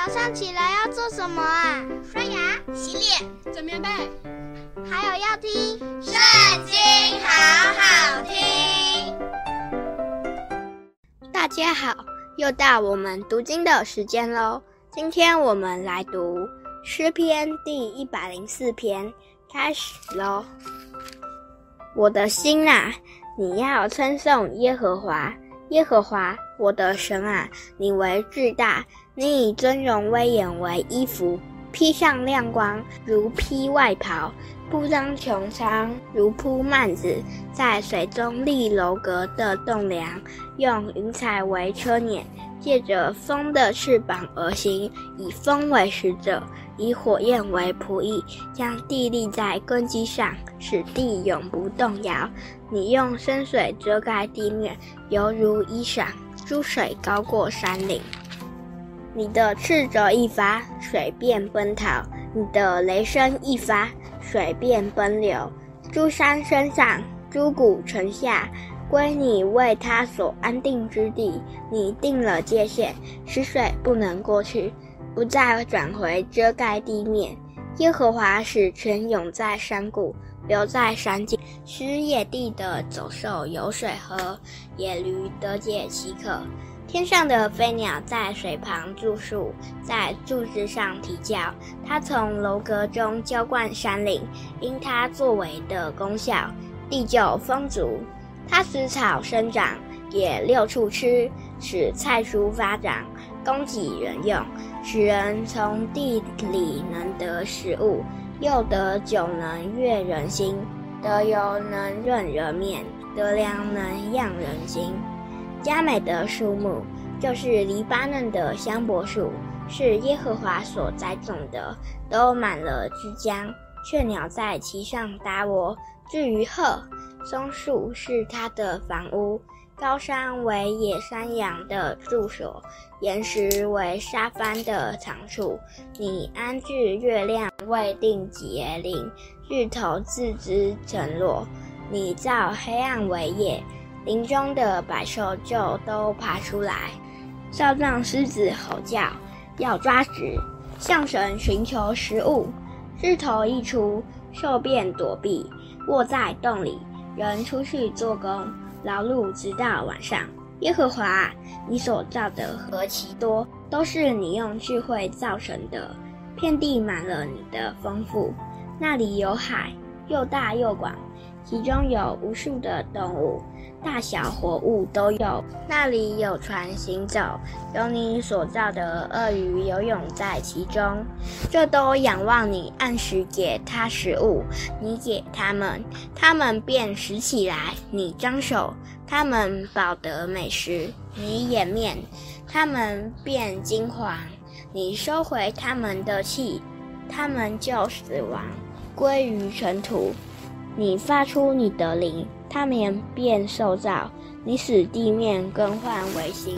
早上起來要做什麼啊？刷牙、洗臉、整棉被，還有要聽《聖經》，好好聽。大家好，又到我們讀經的時間嘍。今天我們來讀詩篇第一百零四篇，開始嘍。我的心哪，你要稱頌耶和華，耶和華。我的神啊，你為至大，你以尊榮威嚴為衣服，披上亮光，如披外袍；鋪張穹蒼，如鋪幔子，在水中立樓閣的棟梁，用雲彩為車辇，借着風的翅膀而行，以風為使者，以火焰為僕役，將地立在根基上，使地永不動搖。你用深水遮蓋地面，猶如衣裳。諸水高過山嶺，你的斥責一發，水便奔逃；你的雷聲一發，水便奔流。諸山升上，諸谷沉下，歸你為他所安定之地。你定了界限，使水不能過去，不再轉回遮蓋地面。耶和華使泉湧在山谷。留在山間，使野地的走獸有水喝，野驢得解其渴。天上的飛鳥在水旁住宿，在樹枝上啼叫。它從樓閣中澆灌山嶺，因它作為的功效，地就豐足。它使草生長，也六畜吃，使菜蔬發長。供給人用，使人從地裡能得食物，又得酒能悅人心，得油能潤人面，得糧能養人心。佳美的樹木，就是黎巴嫩的香柏樹，是耶和華所栽種的，都滿了汁漿。雀鳥在其上搭窩。至於鶴，松樹是它的房屋。高山為野山羊的住所，岩石為沙番的藏處。你安置月亮，為定節令。日頭自知沉落。你造黑暗為夜，林中的百獸就都爬出來。少壯獅子吼叫，要抓食；向神尋求食物。日頭一出，獸便躲避，臥在洞裡；人出去做工。勞碌直到晚上。耶和華，你所造的何其多，都是你用智慧造成的，遍地滿了你的豐富。那裡有海。又大又廣，其中有無數的動物，大小活物都有。那裡有船行走，有你所造的鱷魚游泳在其中。這都仰望你，按時給它食物，你給他們，他們便拾起來。你張手，他們飽得美食；你掩面，他們便驚惶。你收回他們的氣，他們就死亡。歸於塵土，你發出你的靈，他們便受造；你使地面更換為新。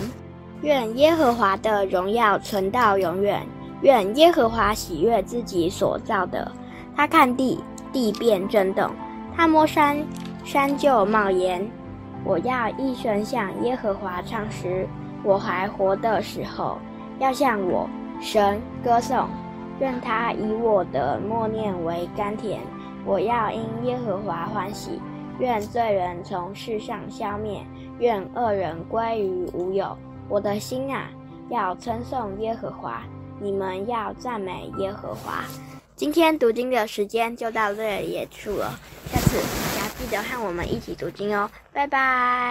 願耶和華的榮耀存到永遠，願耶和華喜悅自己所造的。他看地，地便震動；他摸山，山就冒煙。我要一生向耶和華唱詩，我還活的時候，要向我神歌頌。願他以我的默念為甘甜，我要因耶和華歡喜。願罪人從世上消滅，願惡人歸於無有。我的心啊，要稱頌耶和華，你們要讚美耶和華。今天讀經的時間就到這裡結束了，下次要記得和我們一起讀經哦，拜拜。